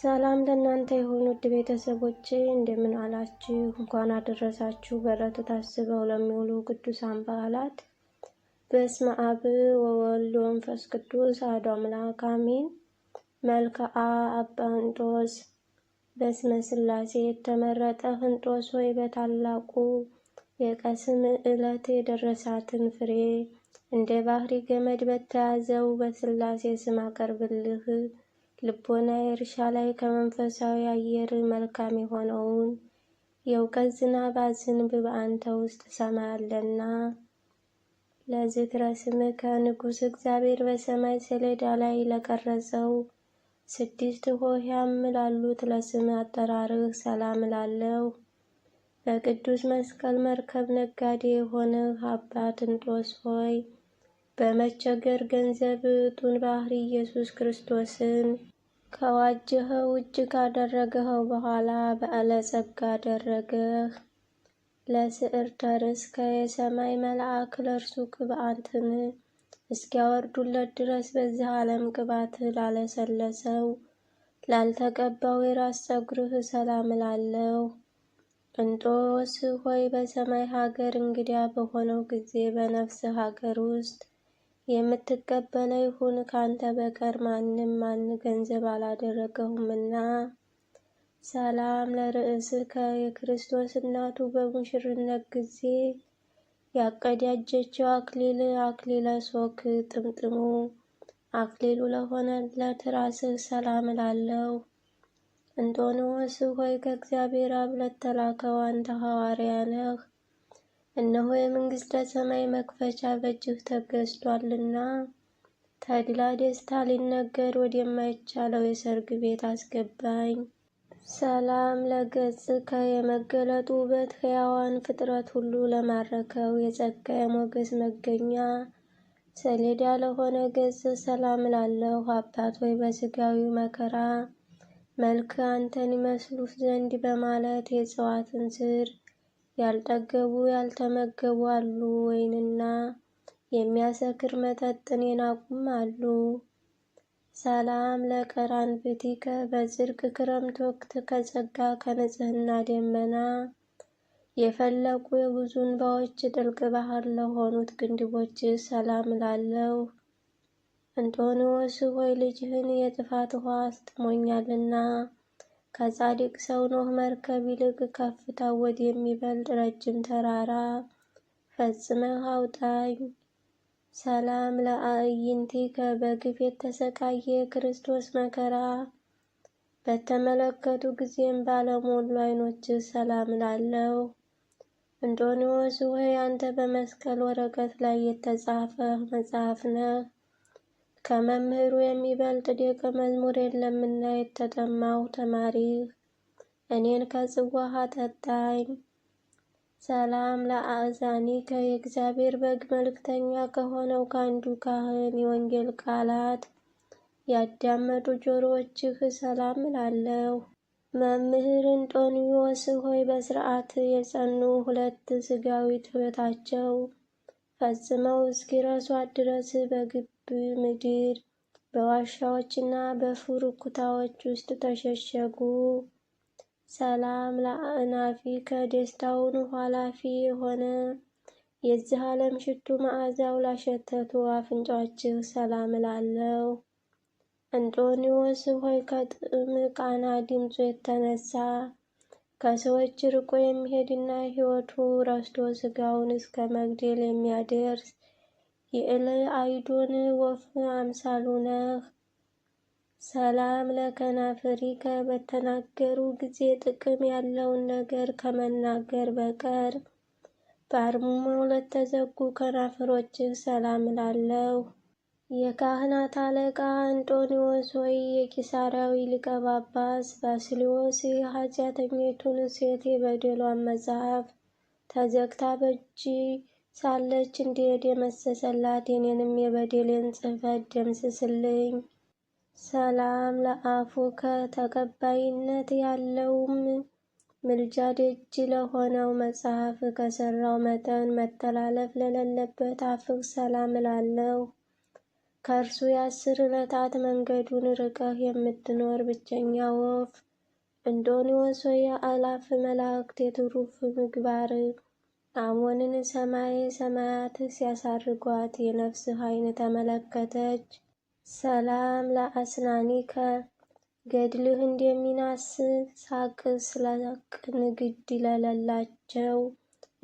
ሰላም ለእናንተ የሆኑ ውድ ቤተሰቦቼ እንደምን አላችሁ? እንኳን አደረሳችሁ። በዕለቱ ታስበው ለሚውሉ ቅዱሳን በዓላት። በስመ አብ ወወልድ ወመንፈስ ቅዱስ አሐዱ አምላክ አሜን። መልክአ አባ ሕንጦስ በስመ ሥላሴ የተመረጠ ሕንጦስ ሆይ በታላቁ የቀስም ዕለት የደረሳትን ፍሬ እንደ ባህሪ ገመድ በተያዘው በሥላሴ ስም አቀርብልህ ልቦና እርሻ ላይ ከመንፈሳዊ አየር መልካም የሆነውን የእውቀት ዝናብ አዝንብ በአንተ ውስጥ ሰማያለና። ለዝክረ ስምህ ከንጉሥ እግዚአብሔር በሰማይ ሰሌዳ ላይ ለቀረጸው ስድስት ሆሄያም ላሉት ለስም አጠራርህ ሰላም ላለው በቅዱስ መስቀል መርከብ ነጋዴ የሆንህ አባት እንጦስ ሆይ በመቸገር ገንዘብ ጡን ባህሪ ኢየሱስ ክርስቶስን ከዋጀኸው እጅ ካደረገኸው በኋላ ጸጋ አደረገህ። ለስዕር ተርስ ከየሰማይ መልአክ ለእርሱ ቅብአትን እስኪያወርዱለት ድረስ በዚህ ዓለም ቅባት ላለሰለሰው ላልተቀባው የራስ ፀጉርህ ሰላም እላለሁ። እንጦስ ሆይ በሰማይ ሀገር እንግዲያ በሆነው ጊዜ በነፍስ ሀገር ውስጥ የምትቀበለው ይሁን ካንተ በቀር ማንም ማን ገንዘብ እና ሰላም ለርዕስከ የክርስቶስ እናቱ በሙሽርነት ጊዜ ያቀዳጀችው አክሊል አክሊለ ሶክ ጥምጥሙ አክሊሉ ለሆነለት ራስህ ሰላም እላለሁ። እንጦንዎስ ሆይ ከእግዚአብሔር አብ ለተላከው አንተ ሐዋርያ ነህ። እነሆ የመንግሥተ ሰማይ መክፈቻ በእጅህ ተገዝቷልና ተድላ ደስታ ሊነገር ወደማይቻለው የሰርግ ቤት አስገባኝ። ሰላም ለገጽከ የመገለጡ ውበት ሕያዋን ፍጥረት ሁሉ ለማረከው የጸጋ የሞገስ መገኛ ሰሌዳ ለሆነ ገጽ ሰላም ላለው አባት ሆይ በስጋዊ መከራ መልክ አንተን ይመስሉት ዘንድ በማለት የእጽዋትን ስር ያልጠገቡ ያልተመገቡ አሉ ወይንና የሚያሰክር መጠጥን የናቁም አሉ። ሰላም ብቲከ በጽድቅ ክረምት ወቅት ከጸጋ ከንጽህና ደመና የፈለቁ የብዙ እንባዎች ጥልቅ ባህር ለሆኑት ግንድቦች ሰላም ላለው እንጦንዎስ ሆይ ልጅህን የጥፋት ውሃ አስጥሞኛልና ከጻድቅ ሰው ኖህ መርከብ ይልቅ ከፍታው ወድ የሚበልጥ ረጅም ተራራ ፈጽመህ አውጣኝ። ሰላም ለአዕይንቲከ በግፍ የተሰቃየ ክርስቶስ መከራ በተመለከቱ ጊዜም ባለሞሉ አይኖች ሰላም ላለው። እንጦንዮስ ሆይ አንተ በመስቀል ወረቀት ላይ የተጻፈ መጽሐፍ ነህ። ከመምህሩ የሚበልጥ ደቀ መዝሙር የለምና የተጠማው ተማሪህ እኔን ከጽዋ አጠጣኝ። ሰላም ለአእዛኒ ከእግዚአብሔር በግ መልእክተኛ ከሆነው ከአንዱ ካህን የወንጌል ቃላት ያዳመጡ ጆሮዎችህ ሰላም እላለሁ። መምህር እንጦንዮስ ሆይ በስርዓት የጸኑ ሁለት ስጋዊ ሕይወታቸው ፈጽመው እስኪረሷት ድረስ በግብ ምድር በዋሻዎችና በፉርኩታዎች ውስጥ ተሸሸጉ። ሰላም ለአናፊ ከደስታውን ኋላፊ የሆነ የዚህ ዓለም ሽቱ መዓዛው ላሸተቱ አፍንጫችሁ ሰላም እላለሁ። አንጦኒዎስ ሆይ ከጥም ቃና ድምፁ የተነሳ ከሰዎች ርቆ የሚሄድና ሕይወቱ ረስቶ ስጋውን እስከ መግደል የሚያደርስ የእለ አይዶን ወፍ አምሳሉ ነህ። ሰላም ለከናፍሪከ በተናገሩ ጊዜ ጥቅም ያለውን ነገር ከመናገር በቀር በአርምሞ ለተዘጉ ከናፍሮችህ ሰላም እላለሁ። የካህናት አለቃ አንጦኒዎስ ወይ የቂሳራዊ ሊቀ ጳጳስ ባሲሊዮስ የኃጢአተኞቱን ሴት የበደሏን መጽሐፍ ተዘግታ በእጅ ሳለች እንዲሄድ የመሰሰላት የኔንም የበደሌን ጽሕፈት ደምስስልኝ። ሰላም ለአፉ ከተቀባይነት ያለውም ምልጃ ደጅ ለሆነው መጽሐፍ ከሰራው መጠን መተላለፍ ለሌለበት አፍህ ሰላም እላለሁ። ከእርሱ የአስር ዕለታት መንገዱን ርቀህ የምትኖር ብቸኛ ወፍ እንዶኒዎስ ሆይ የአእላፍ መላእክት የትሩፍ ምግባር አሞንን ሰማይ ሰማያት ሲያሳርጓት የነፍስህ ዓይን ተመለከተች። ሰላም ለአስናኒከ ገድልህ እንደሚናስ ሳቅ ስለቅ ንግድ ለሌላቸው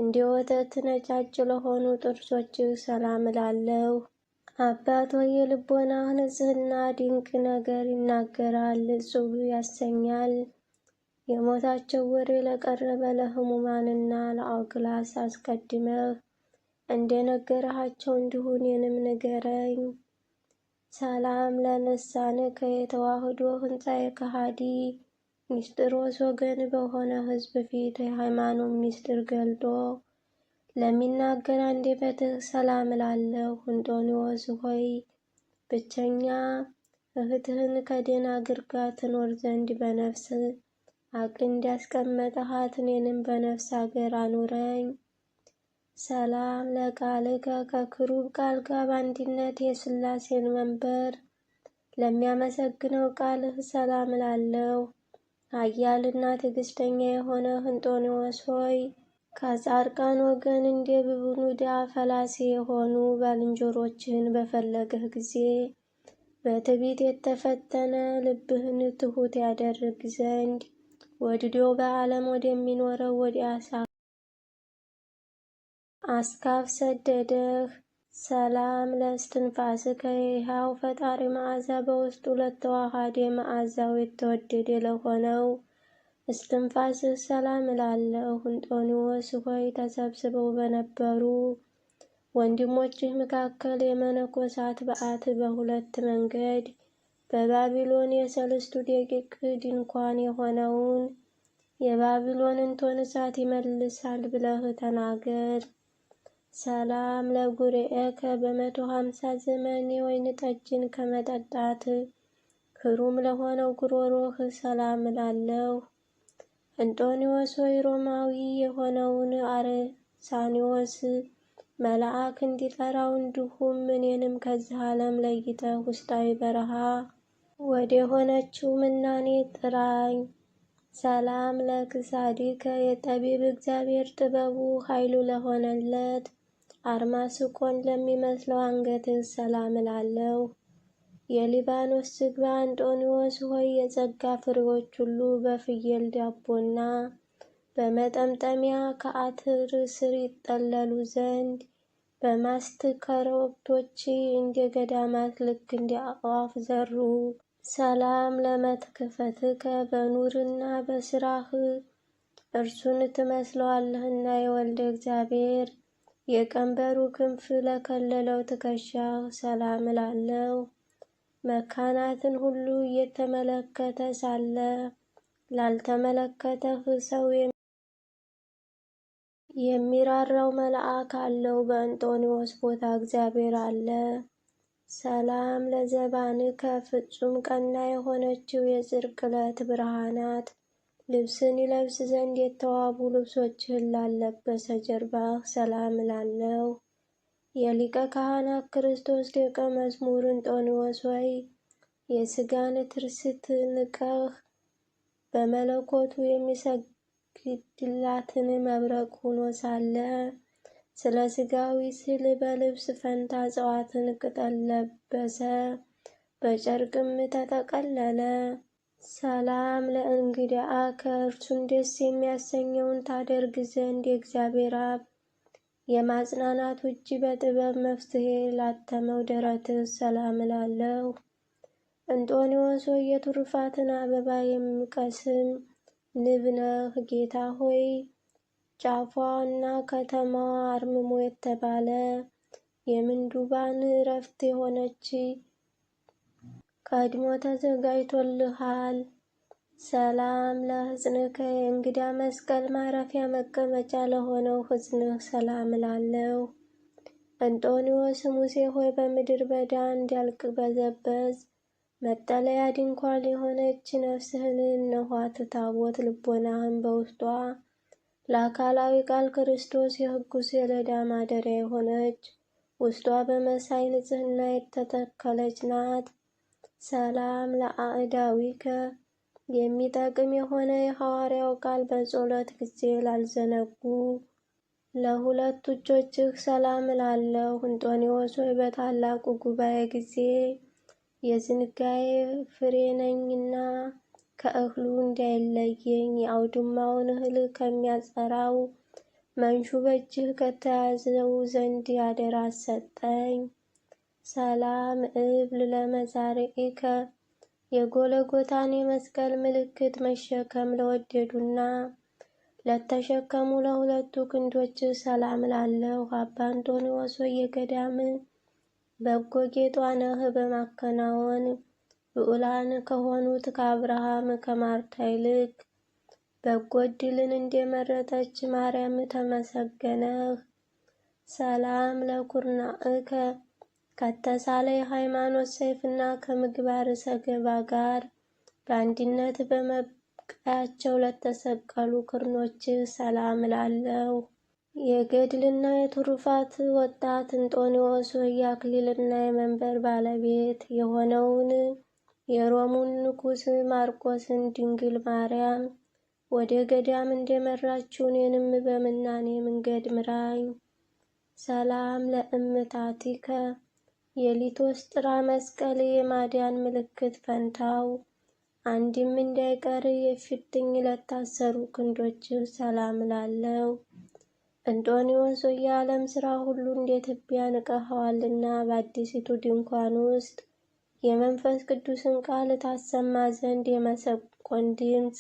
እንደ ወተት ነጫጭ ለሆኑ ጥርሶችህ ሰላም እላለሁ። አባት የልቦና ንጽህና ድንቅ ነገር ይናገራል፣ ጽሉ ያሰኛል። የሞታቸው ወሬ ለቀረበ ለህሙማንና ለአውግላስ አስቀድመህ እንደነገርሃቸው እንዲሁ እኔንም ንገረኝ። ሰላም ለነሳን ከየተዋህዶ ህንፃ የካሃዲ ሚስጢሮስ ወገን በሆነ ህዝብ ፊት የሃይማኖት ሚስጢር ገልጦ ለሚናገር አንደበትህ ሰላም እላለሁ። እንጦንዮስ ሆይ ብቸኛ እህትህን ከደናግር ጋር ትኖር ዘንድ በነፍስ አቅ እንዳስቀመጠሃት እኔንም በነፍስ አገር አኑረኝ። ሰላም ለቃልከ ከክሩብ ቃል ጋር በአንድነት የስላሴን መንበር ለሚያመሰግነው ቃልህ ሰላም እላለሁ። አያልና ትግስተኛ የሆነ እንጦንዮስ ሆይ ከጻድቃን ወገን እንደ ዳ ፈላሴ የሆኑ ባልንጀሮችህን በፈለግህ ጊዜ በትቢት የተፈተነ ልብህን ትሑት ያደርግ ዘንድ ወድዶ በዓለም ወደሚኖረው ወደ አስካፍ ሰደደህ። ሰላም ለስትንፋስ ይሃው ፈጣሪ መዓዛ በውስጡ ለተዋሃደ መዓዛው የተወደደ ለሆነው እስትንፋስህ ሰላም እላለሁ። እንጦንዎስ ሆይ ተሰብስበው በነበሩ ወንድሞችህ መካከል የመነኮሳት በዓት በሁለት መንገድ በባቢሎን የሰልስቱ ደቂቅ ድንኳን የሆነውን የባቢሎንን ቶንሳት ይመልሳል ብለህ ተናገር። ሰላም ለጉርኤከ በመቶ ሀምሳ ዘመን የወይን ጠጅን ከመጠጣት ክሩም ለሆነው ጉሮሮህ ሰላም እላለሁ። አንጦኒዎስ ወይ ሮማዊ የሆነውን አርሳኒዎስ መልአክ እንዲጠራው እንዲሁም እኔንም ከዚህ ዓለም ለይተህ ውስጣዊ በረሃ ወደ ሆነችው ምናኔ ጥራኝ። ሰላም ለክሳዲከ የጠቢብ እግዚአብሔር ጥበቡ ኃይሉ ለሆነለት አርማስቆን ለሚመስለው አንገትህ ሰላም እላለሁ። የሊባኖስ ዝግባ አንጦኒዎስ ሆይ የጸጋ ፍሬዎች ሁሉ በፍየል ዳቦና በመጠምጠሚያ ከአትር ስር ይጠለሉ ዘንድ በማስትከረብቶች እንደ ገዳማት ልክ እንደ አዕዋፍ ዘሩ። ሰላም ለመትክፈትከ በኑርና በስራህ እርሱን ትመስለዋለህና የወልደ እግዚአብሔር የቀንበሩ ክንፍ ለከለለው ትከሻህ ሰላም እላለሁ። መካናትን ሁሉ እየተመለከተ ሳለ ላልተመለከተህ ሰው የሚራራው መልአክ አለው። በእንጦኒዎስ ቦታ እግዚአብሔር አለ። ሰላም ለዘባን ከፍጹም ቀና የሆነችው የጽርቅለት ብርሃናት ልብስን ይለብስ ዘንድ የተዋቡ ልብሶችህን ላለበሰ ጀርባህ ሰላም ላለው። የሊቀ ካህናት ክርስቶስ ደቀ መዝሙር እንጦንዎስ ሆይ የሥጋን ትርስት ንቀህ በመለኮቱ የሚሰግድላትን መብረቅ ሆኖ ሳለ ስለ ሥጋዊ ስል በልብስ ፈንታ እጽዋትን ቅጠል ለበሰ፣ በጨርቅም ተጠቀለለ። ሰላም ለእንግዳ ከእርሱም ደስ የሚያሰኘውን ታደርግ ዘንድ የእግዚአብሔር አብ የማጽናናት ውጪ በጥበብ መፍትሄ ላተመው ደረት ሰላም እላለሁ። እንጦኒዎስ ሆይ የትሩፋትን አበባ የሚቀስም ንብ ነህ ጌታ ሆይ። ጫፏ እና ከተማዋ አርምሞ የተባለ የምንዱባን እረፍት የሆነች ቀድሞ ተዘጋጅቶልሃል። ሰላም ለሕዝንከ የእንግዳ መስቀል ማረፊያ መቀመጫ ለሆነው ሕዝንህ ሰላም እላለሁ። አንጦኒዎስ ሙሴ ሆይ በምድር በዳ በዘበዝ መጠለያ ድንኳን የሆነች ነፍስህን እነኋት ታቦት ልቦናህን በውስጧ ለአካላዊ ቃል ክርስቶስ የሕጉ ሰሌዳ ማደሪያ የሆነች ውስጧ በመሳይ ንጽህና የተተከለች ናት። ሰላም ለአእዳዊከ የሚጠቅም የሆነ የሐዋርያው ቃል በጸሎት ጊዜ ላልዘነጉ ለሁለቱ እጆችህ ሰላም እላለሁ። እንጦንዮስ ሆይ በታላቁ ጉባኤ ጊዜ የዝንጋዬ ፍሬ ነኝና ከእህሉ እንዳይለየኝ የአውድማውን እህል ከሚያጸራው መንሹ በእጅህ ከተያዘው ዘንድ ያደራ ሰጠኝ። ሰላም እብል ለመዛርዒከ የጎለጎታን የመስቀል ምልክት መሸከም ለወደዱና ለተሸከሙ ለሁለቱ ክንዶች ሰላም ላለሁ አባ አንጦንዮስ የገዳም በጎ ጌጧነህ በማከናወን ብዑላን ከሆኑት ከአብርሃም ከማርታ ይልቅ በጎ ድልን እንደመረጠች ማርያም ተመሰገነህ። ሰላም ለኩርናእከ ከተሳለ የሃይማኖት ሰይፍና ከምግባር ሰገባ ጋር በአንድነት በመብቃያቸው ለተሰቀሉ ክርኖች ሰላም እላለሁ። የገድልና የትሩፋት ወጣት እንጦኒዎስ የአክሊልና የመንበር ባለቤት የሆነውን የሮሙን ንጉሥ ማርቆስን ድንግል ማርያም ወደ ገዳም እንደመራችሁ እኔንም በምናኔ መንገድ ምራኝ። ሰላም ለእምታቲከ የሊቶስጥራ መስቀል የማዳን ምልክት ፈንታው አንድም እንዳይቀር የፊትኝ ለታሰሩ ክንዶች ሰላም ላለው እንጦኒዎስ የዓለም ሥራ ሁሉ እንደ ትቢያ ንቀኸዋልና በአዲሲቱ ድንኳን ውስጥ የመንፈስ ቅዱስን ቃል ታሰማ ዘንድ የመሰቆን ድምፅ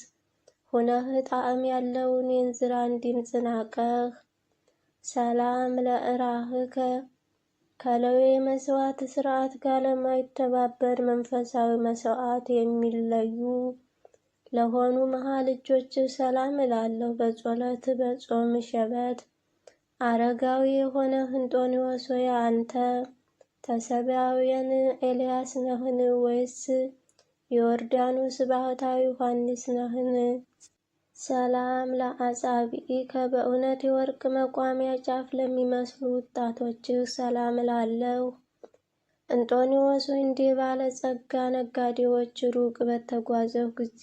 ሁነህ ጣዕም ያለውን የእንዝራን ድምፅ ናቀህ። ሰላም ለእራህከ ከሌዊ መስዋዕት ስርዓት ጋር ለማይተባበር መንፈሳዊ መስዋዕት የሚለዩ ለሆኑ መሃል እጆች ሰላም እላለሁ። በጸሎት በጾም ሸበት አረጋዊ የሆነ ሕንጦንዮስ ሆይ አንተ ተሰብአዊያን ኤልያስ ነህን? ወይስ ዮርዳኖስ ባህታዊ ዮሐንስ ነህን? ሰላም ለአጻብኢከ በእውነት የወርቅ መቋሚያ ጫፍ ለሚመስሉ ወጣቶችህ ሰላም እላለሁ። እንጦንዮስ ሆይ እንዲህ ባለጸጋ ነጋዴዎች ሩቅ በተጓዘው ጊዜ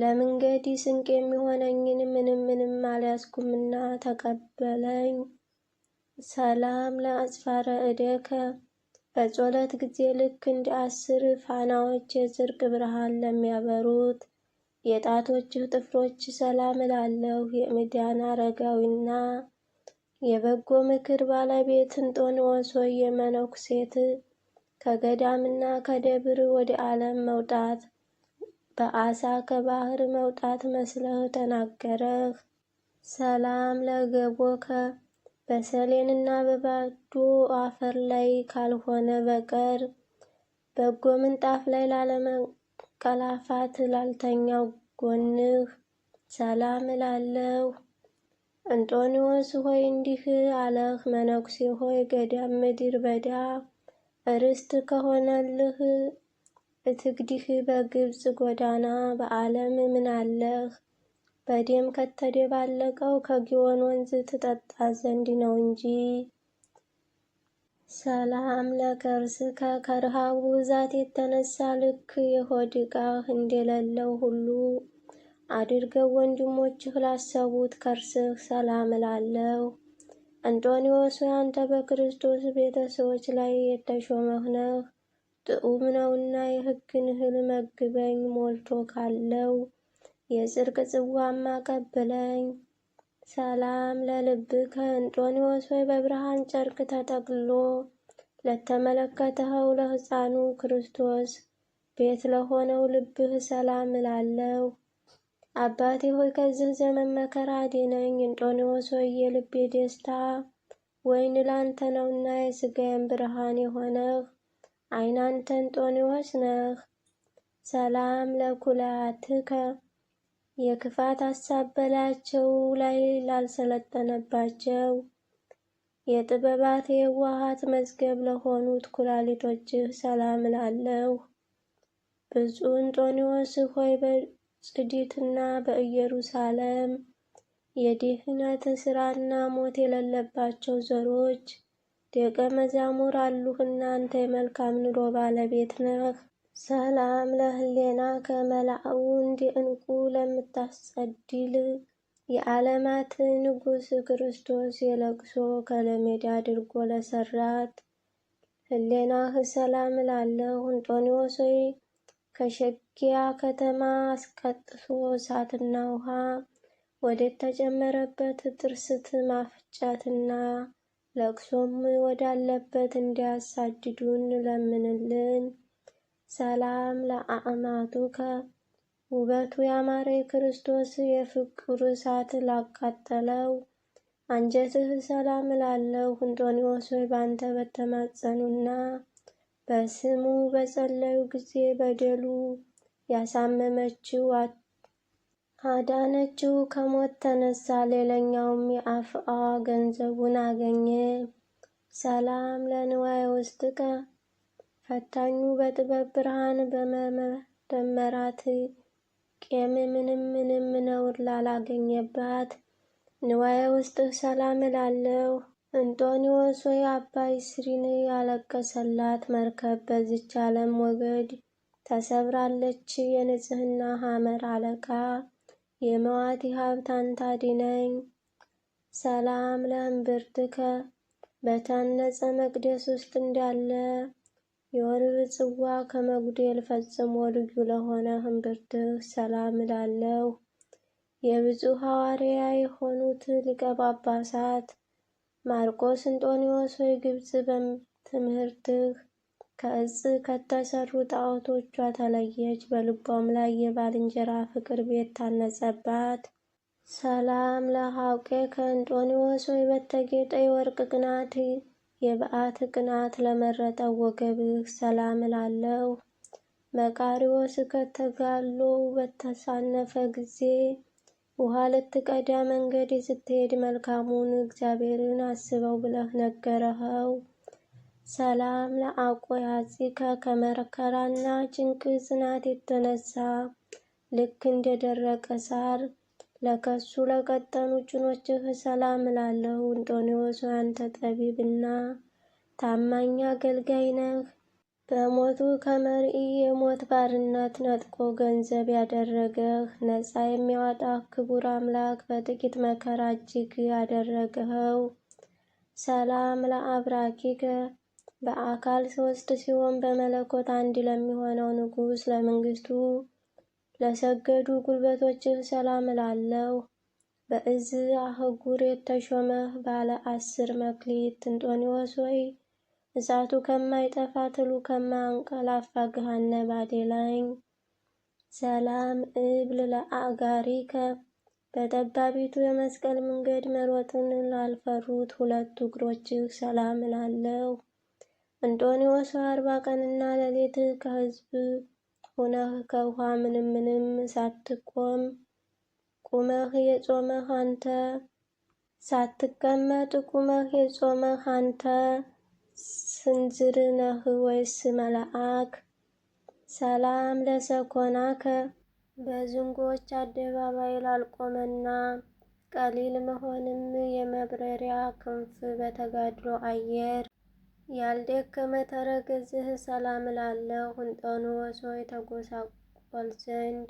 ለመንገዲ ስንቅ የሚሆነኝን ምንም ምንም አልያዝኩምና ተቀበለኝ። ሰላም ለአጽፋረ እደከ በጸሎት ጊዜ ልክ እንደ አስር ፋናዎች የጽድቅ ብርሃን ለሚያበሩት የጣቶችህ ጥፍሮች ሰላም እላለሁ። የምዳን አረጋዊና የበጎ ምክር ባለቤት እንጦንዎስ ሆይ የመነኩሴት ከገዳምና ከደብር ወደ ዓለም መውጣት በአሳ ከባህር መውጣት መስለህ ተናገረህ። ሰላም ለገቦከ በሰሌንና በባዶ አፈር ላይ ካልሆነ በቀር በጎ ምንጣፍ ላይ ላለመ ከላፋት ላልተኛው ጎንህ ሰላም እላለሁ። እንጦንዮስ ሆይ እንዲህ አለህ፣ መነኩሴ ሆይ ገዳም ምድር በዳ እርስት ከሆነልህ እትግዲህ በግብፅ ጎዳና በዓለም ምናለህ? በደም ከተደባለቀው ከጊዮን ወንዝ ትጠጣ ዘንድ ነው እንጂ ሰላም ለከርስከ ከርሃቡ ብዛት የተነሳ ልክ የሆድ ዕቃህ እንደሌለው ሁሉ አድርገው ወንድሞችህ ላሰቡት ከርስህ ሰላም እላለሁ። አንጦኒዎስ አንተ በክርስቶስ ቤተሰቦች ላይ የተሾመህ ነህ። ጥዑም ነውና የሕግን እህል መግበኝ ሞልቶ ካለው የጽድቅ ጽዋም አቀብለኝ። ሰላም ለልብከ እንጦንዮስ ሆይ በብርሃን ጨርቅ ተጠቅልሎ ለተመለከተኸው ለሕፃኑ ክርስቶስ ቤት ለሆነው ልብህ ሰላም እላለሁ። አባቴ ሆይ ከዚህ ዘመን መከራ አድነኝ። እንጦኒዎስ ሆይ የልቤ ደስታ ወይን ላንተ ነውና የሥጋዬም ብርሃን የሆነህ አይናንተ እንጦኒዎስ ነህ። ሰላም ለኩላትከ የክፋት ሐሳብ በላያቸው ላይ ላልሰለጠነባቸው የጥበባት የዋሃት መዝገብ ለሆኑት ኩላሊቶችህ ሰላም እላለሁ። ብፁዕ እንጦንዮስ ሆይ በጽዲትና በኢየሩሳሌም የድህነት ስራና ሞት የሌለባቸው ዘሮች ደቀ መዛሙር አሉህና አንተ የመልካም ኑሮ ባለቤት ነህ። ሰላም ለህሌና ከመላእው እንቁ ለምታስጸድል የዓለማት ንጉሥ ክርስቶስ የለቅሶ ከለሜዳ አድርጎ ለሰራት ህሌናህ ሰላም ላለሁ አንጦኒዎስ ሆይ ከሸኪያ ከተማ አስቀጥቶ እሳትና ውሃ ወደ ተጨመረበት ጥርስት ማፍጨትና ለቅሶም ወዳለበት እንዲያሳድዱን ለምንልን። ሰላም ለአእማቱከ ውበቱ ያማረ የክርስቶስ የፍቅሩ እሳት ላቃጠለው አንጀትህ ሰላም ላለው እንጦንዮስ ሆይ ባንተ በተማጸኑና በስሙ በጸለዩ ጊዜ በደሉ ያሳመመችው አዳነችው፣ ከሞት ተነሳ። ሌላኛውም የአፍአ ገንዘቡን አገኘ። ሰላም ለንዋየ ውስጥከ ፈታኙ በጥበብ ብርሃን በመደመራት ቄም ምንም ምንም ነውር ላላገኘባት ንዋየ ውስጥህ ሰላም እላለሁ። እንጦኒዎስ ወይ አባይ ስሪን ያለቀሰላት መርከብ በዚች ዓለም ሞገድ ተሰብራለች። የንጽህና ሐመር አለቃ የመዋቲ ሀብት አንተ ሰላም ለእምብርትከ በታነጸ መቅደስ ውስጥ እንዳለ የወርብ ጽዋ ከመጉደል ፈጽሞ ልዩ ለሆነ እምብርትህ ሰላም እላለሁ። የብፁዕ ሐዋርያ የሆኑት ሊቀ ጳጳሳት ማርቆስ እንጦኒዎስ ሆይ ግብጽ በትምህርትህ ከእጽ ከተሰሩ ጣዖቶቿ ተለየች፣ በልቧም ላይ የባልንጀራ ፍቅር ቤት ታነጸባት። ሰላም ለሐውቄ ከእንጦኒዎስ ሆይ በተጌጠ የወርቅ ቅናት የበዓት ቅናት ለመረጠው ወገብህ ሰላም እላለሁ። መቃሪዎስ ከተጋሎ በተሳነፈ ጊዜ ውሃ ልትቀዳ መንገድ ስትሄድ መልካሙን እግዚአብሔርን አስበው ብለህ ነገረኸው። ሰላም ያጺከ ከመከራና ጭንቅ ጽናት የተነሳ ልክ እንደደረቀ ሳር ለከሱ ለቀጠኑ ጭኖችህ ሰላም እላለሁ። እንጦንዮስ አንተ ጠቢብና ታማኝ አገልጋይ ነህ። በሞቱ ከመርኢ የሞት ባርነት ነጥቆ ገንዘብ ያደረገህ ነፃ የሚያወጣህ ክቡር አምላክ በጥቂት መከራ እጅግ ያደረገኸው። ሰላም ለአብራኪከ በአካል ሶስት ሲሆን በመለኮት አንድ ለሚሆነው ንጉሥ ለመንግስቱ ለሰገዱ ጉልበቶች ሰላም እላለሁ። በእዝ አህጉር የተሾመህ ባለ አስር መክሊት እንጦኒዎስ ሆይ እሳቱ ከማይጠፋ ትሉ ከማያንቀላፋ ባዴ ባዴላኝ ሰላም እብል ለአጋሪከ በጠባቢቱ የመስቀል መንገድ መሮጥን ላልፈሩት ሁለቱ እግሮችህ ሰላም እላለሁ። እንጦኒዎስ አርባ ቀንና ሌሊት ከህዝብ ሆነህ ከውሃ ምንም ምንም ሳትቆም ቁመህ የጾመህ አንተ ሳትቀመጥ ቁመህ የጾመህ አንተ ስንዝር ነህ ወይስ መልአክ? ሰላም ለሰኮናከ በዝንጎች አደባባይ ላልቆመና ቀሊል መሆንም የመብረሪያ ክንፍ በተጋድሎ አየር ያልደከመ ተረከዝህ ሰላም እላለሁ ሕንጠኑ ወሶ የተጎሳቆል ዘንድ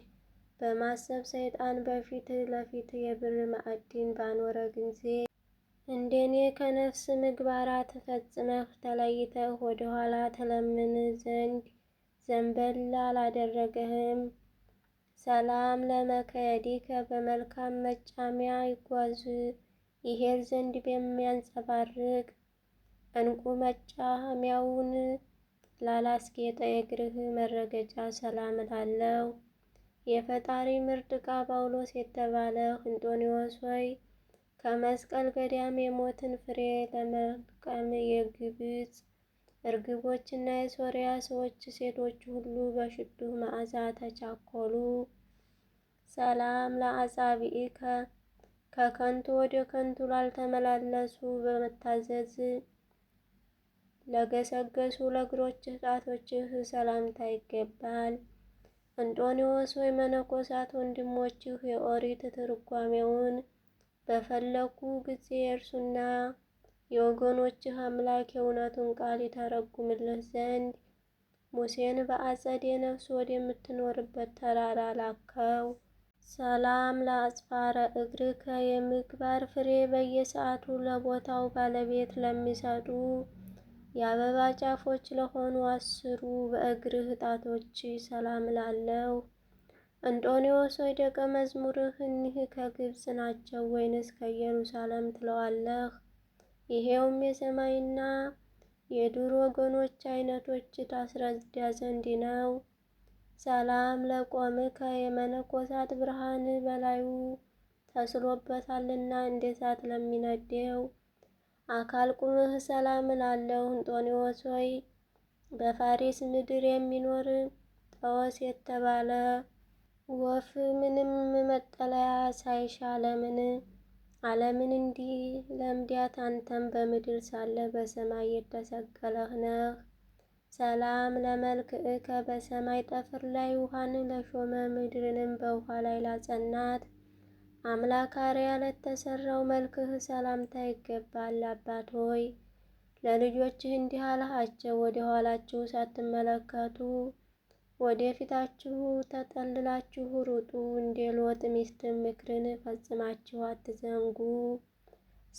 በማሰብ ሰይጣን በፊት ለፊት የብር ማዕድን ባኖረ ጊዜ እንደኔ ከነፍስ ምግባራት ፈጽመህ ተለይተህ ወደኋላ ትለምን ዘንድ ዘንበል አላደረገህም። ሰላም ለመከየዲከ በመልካም መጫሚያ ይጓዝ ይሄድ ዘንድ በሚያንጸባርቅ እንቁ መጫሚያውን ላላስጌጠ የእግርህ መረገጫ ሰላም እላለሁ። የፈጣሪ ምርጥ ዕቃ ጳውሎስ የተባለ እንጦንዮስ ሆይ ከመስቀል ገዳም የሞትን ፍሬ ለመልቀም የግብፅ እርግቦችና የሶሪያ ሰዎች ሴቶች ሁሉ በሽቱ መዓዛ ተቻኮሉ። ሰላም ለአጻብኢከ ከከንቱ ወደ ከንቱ ላልተመላለሱ በመታዘዝ ለገሰገሱ ለእግሮችህ ጣቶችህ ሰላምታ ይገባል። አንጦኒዎስ ወይ መነኮሳት ወንድሞችህ የኦሪት ትርጓሜውን በፈለጉ ጊዜ እርሱና የወገኖችህ አምላክ የእውነቱን ቃል ይተረጉምልህ ዘንድ ሙሴን በአጸዴ ነፍስ ወደምትኖርበት ተራራ ላከው። ሰላም ለአጽፋረ እግርከ የምግባር ፍሬ በየሰዓቱ ለቦታው ባለቤት ለሚሰጡ የአበባ ጫፎች ለሆኑ አስሩ በእግርህ ጣቶች ሰላም ላለው እንጦንዮስ ሆይ ደቀ መዝሙርህ እኒህ ከግብፅ ናቸው ወይንስ ከኢየሩሳሌም ትለዋለህ? ይሄውም የሰማይና የዱር ወገኖች አይነቶች ታስረዳ ዘንድ ነው። ሰላም ለቆምከ የመነኮሳት ብርሃን በላዩ ተስሎበታልና እንደ እሳት ለሚነደው አካል ቁምህ ሰላም እላለሁ። እንጦኒዎስ ሆይ በፋሪስ ምድር የሚኖር ጠወስ የተባለ ወፍ ምንም መጠለያ ሳይሻ ለምን ዓለምን እንዲህ ለምዲያት አንተም በምድር ሳለ በሰማይ የተሰቀለህ ነህ። ሰላም ለመልክ እከ በሰማይ ጠፍር ላይ ውሃን ለሾመ ምድርንም በውሃ ላይ ላጸናት አምላክ አርያ ለተሰራው መልክህ ሰላምታ ይገባል። አባት ሆይ ለልጆችህ እንዲህ አልሃቸው፣ ወደ ኋላችሁ ሳትመለከቱ ወደ ፊታችሁ ተጠልላችሁ ሩጡ። እንደ ሎጥ ሚስት ምክርን ፈጽማችሁ አትዘንጉ።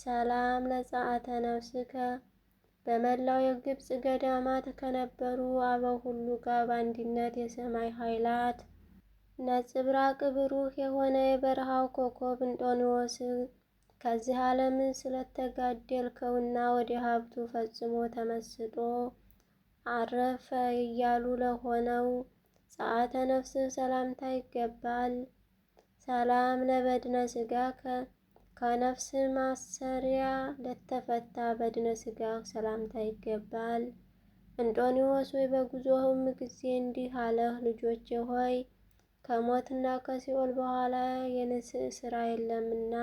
ሰላም ለጸአተ ነፍስከ በመላው የግብፅ ገዳማት ከነበሩ አበው ሁሉ ጋር በአንድነት የሰማይ ኃይላት ነጽብራቅ ብሩህ የሆነ የበረሃው ኮከብ እንጦንዮስ ከዚህ ዓለም ስለተጋደልከውና ወደ ሀብቱ ፈጽሞ ተመስጦ አረፈ እያሉ ለሆነው ጸአተ ነፍስ ሰላምታ ይገባል። ሰላም ለበድነ ስጋ ከነፍስ ማሰሪያ ለተፈታ በድነ ስጋ ሰላምታ ይገባል። እንጦንዮስ ሆይ በጉዞህም ጊዜ እንዲህ አለህ፣ ልጆቼ ሆይ ከሞትና ከሲኦል በኋላ የንስ ስራ የለምና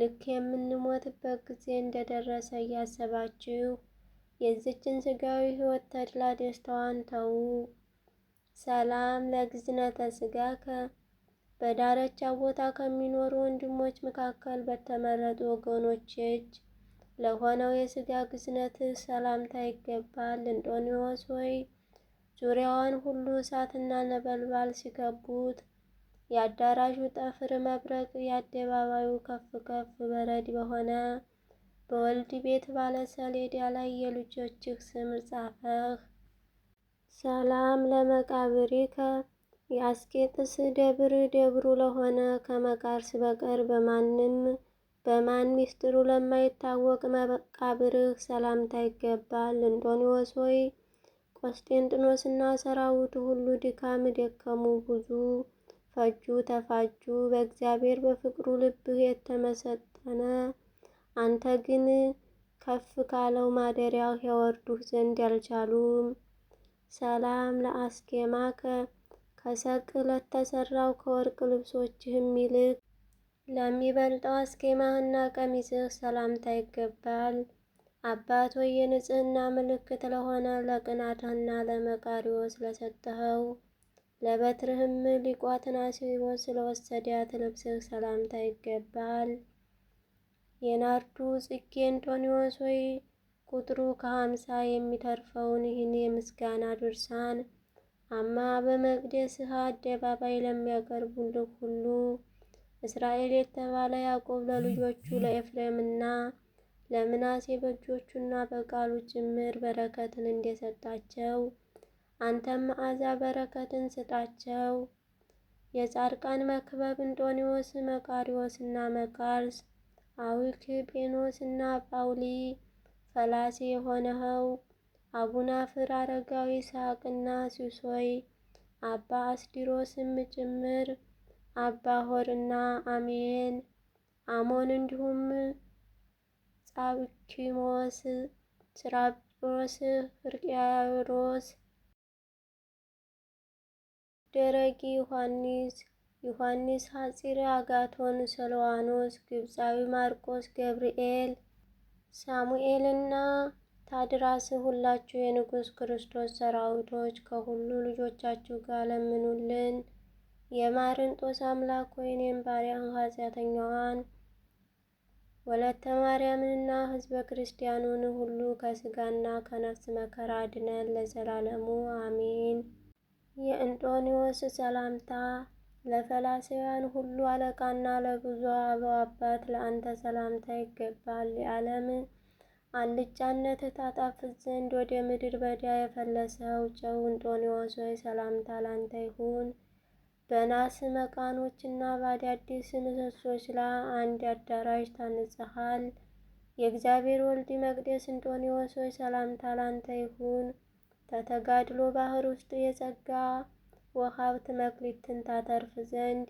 ልክ የምንሞትበት ጊዜ እንደደረሰ እያሰባችሁ የዚችን ስጋዊ ሕይወት ተድላ ደስታዋን ተዉ። ሰላም ለግዝነተ ስጋከ በዳረቻ ቦታ ከሚኖሩ ወንድሞች መካከል በተመረጡ ወገኖች እጅ ለሆነው የስጋ ግዝነት ሰላምታ ይገባል። እንጦኒዎስ ሆይ ዙሪያዋን ሁሉ እሳትና ነበልባል ሲከቡት የአዳራሹ ጠፍር መብረቅ የአደባባዩ ከፍ ከፍ በረድ በሆነ በወልድ ቤት ባለ ሰሌዳ ላይ የልጆችህ ስም ጻፈህ። ሰላም ለመቃብሪከ የአስቄጥስ ደብር ደብሩ ለሆነ ከመቃርስ በቀር በማንም በማን ሚስጥሩ ለማይታወቅ መቃብርህ ሰላምታ ይገባል። እንጦንዮስ ሆይ ቆስጤንጥኖስና ሰራዊቱ ሁሉ ድካም ደከሙ፣ ብዙ ፈጁ ተፋጁ። በእግዚአብሔር በፍቅሩ ልብህ የተመሰጠነ አንተ ግን ከፍ ካለው ማደሪያው የወርዱህ ዘንድ ያልቻሉም ሰላም ለአስኬማ ከሰቅ ለተሰራው ከወርቅ ልብሶችህም ይልቅ ለሚበልጠው አስኬማህና ቀሚስህ ሰላምታ ይገባል። አባት ሆይ የንጽህና ምልክት ለሆነ ለቅናታና ለመቃሪዎስ ስለሰጠኸው ለበትርህም ሊቋትና ሲሆን ስለወሰዳት ልብስህ ሰላምታ ይገባል። የናርዱ ጽጌ እንጦንዮስ ሆይ ቁጥሩ ከሀምሳ የሚተርፈውን ይህን የምስጋና ድርሳን አማ በመቅደስህ አደባባይ ለሚያቀርቡልህ ሁሉ እስራኤል የተባለ ያዕቆብ ለልጆቹ ለኤፍሬምና ለምናሴ በእጆቹና በቃሉ ጭምር በረከትን እንደሰጣቸው አንተም መዓዛ በረከትን ስጣቸው። የጻድቃን መክበብ እንጦኒዎስ፣ መቃሪዎስና መቃርስ፣ አዊክጴኖስ እና ጳውሊ ፈላሴ የሆነኸው አቡነ አፍር አረጋዊ ሳቅና ሱሶይ አባ አስዲሮስም ጭምር አባ ሆርና አሜን አሞን እንዲሁም ጻብኪሞስ፣ ስራጵሮስ፣ ፍርቅያሮስ፣ ደረጊ ዮሐንስ፣ ዮሐንስ ሐፂር፣ አጋቶን፣ ሰሎዋኖስ፣ ግብፃዊ ማርቆስ፣ ገብርኤል፣ ሳሙኤልና ታድራስ ሁላችሁ የንጉሥ ክርስቶስ ሰራዊቶች ከሁሉ ልጆቻችሁ ጋር ለምኑልን። የማርንጦስ አምላክ ሆይ እኔም ኃጢአተኛዋን ወለተ ማርያምንና ሕዝበ ክርስቲያኑን ሁሉ ከስጋና ከነፍስ መከራ አድነን ለዘላለሙ አሜን። የእንጦኒዎስ ሰላምታ ለፈላሲያን ሁሉ አለቃና ለብዙ አበው አባት ለአንተ ሰላምታ ይገባል። የዓለም አልጫነት ታጣፍት ዘንድ ወደ ምድር በዳ የፈለሰው ጨው እንጦኒዎስ ሆይ ሰላምታ ላንተ ይሁን። በናስ መቃኖች እና በአዳዲስ ምሰሶች ላይ አንድ አዳራሽ ታንጽሃል። የእግዚአብሔር ወልድ መቅደስ እንጦንዮስ ሆይ ሰላምታ ላንተ ይሁን። ተተጋድሎ ባህር ውስጥ የጸጋ ወሀብት መክሊትን ታተርፍ ዘንድ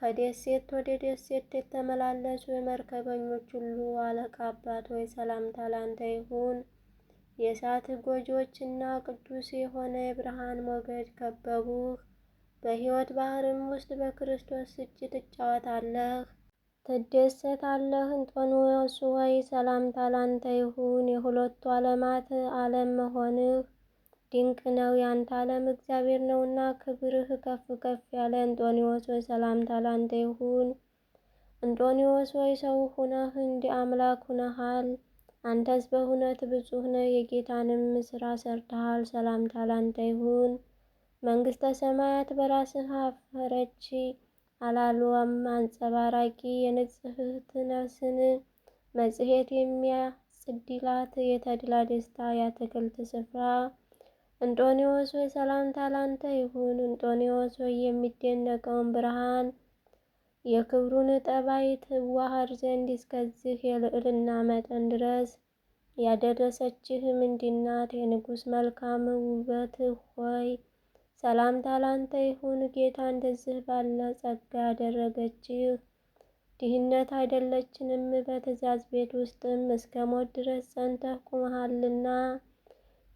ከደሴት ወደ ደሴት የተመላለሱ የመርከበኞች ሁሉ አለቃ አባት ሆይ ሰላምታ ላንተ ይሁን። የእሳት እና ቅዱስ የሆነ የብርሃን ሞገድ ከበቡህ። በሕይወት ባህርም ውስጥ በክርስቶስ እጅ ትጫወታለህ ትደሰታለህ። እንጦንዮስ ወይ ሰላምታ ላንተ ይሁን። የሁለቱ ዓለማት ዓለም መሆንህ ድንቅ ነው። ያንተ ዓለም እግዚአብሔር ነውና ክብርህ ከፍ ከፍ ያለ። እንጦንዮስ ወይ ሰላምታ ላንተ ይሁን። እንጦንዮስ ወይ ሰው ሁነህ እንዲ አምላክ ሁነሃል። አንተስ በእውነት ብፁህ ነህ፣ የጌታንም ስራ ሰርተሃል። ሰላምታ ላንተ ይሁን። መንግስተ ሰማያት በራስህ አፈረች አላሉዋም። አንጸባራቂ የንጽህት ነፍስን መጽሔት የሚያጽድላት የተድላ ደስታ የአትክልት ስፍራ እንጦኒዎስ ሆይ ሰላምታ ላንተ ይሁን። እንጦኒዎስ ሆይ የሚደነቀውን ብርሃን የክብሩን ጠባይ ትዋሃድ ዘንድ እስከዚህ የልዕልና መጠን ድረስ ያደረሰችህ ምንድናት? የንጉሥ መልካም ውበት ሆይ ሰላምታ ላንተ ይሁን ጌታ እንደዚህ ባለ ጸጋ ያደረገች ድህነት አይደለችንም። በትእዛዝ ቤት ውስጥም እስከ ሞት ድረስ ጸንተህ ቁመሃልና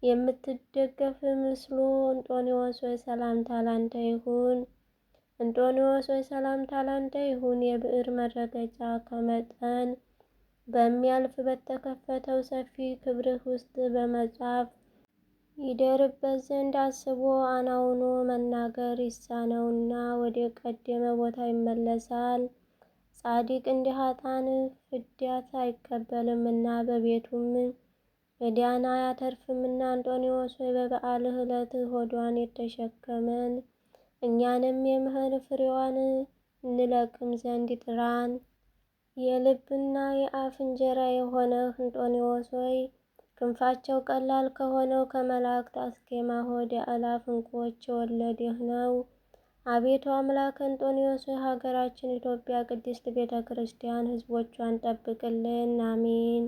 የምትደገፍ ምስሉ እንጦኒዎስ ወይ ሰላምታ ላንተ ይሁን። እንጦኒዎስ ወይ ሰላምታ ላንተ ይሁን። የብዕር መረገጫ ከመጠን በሚያልፍ በተከፈተው ሰፊ ክብርህ ውስጥ በመጻፍ ይደርበት ዘንድ አስቦ አናውኖ መናገር ይሳነውና ወደ ቀደመ ቦታ ይመለሳል። ጻድቅ እንደ ሀጣን ፍዳት አይቀበልምና በቤቱም መዳን አያተርፍምና። አንጦኒዎስ ሆይ ህለት ዕለት ሆዷን የተሸከመን እኛንም የምህር ፍሬዋን እንለቅም ዘንድ ይጥራን የልብና የአፍ እንጀራ የሆነ አንጦንዮስ ሆይ ክንፋቸው ቀላል ከሆነው ከመላእክት አስኬማ ሆድ የአእላፍ እንቁዎች የወለድህ ነው። አቤቱ አምላክ አንጦንዮስ ሀገራችን ኢትዮጵያ ቅድስት ቤተ ክርስቲያን ሕዝቦቿን ጠብቅልን። አሜን።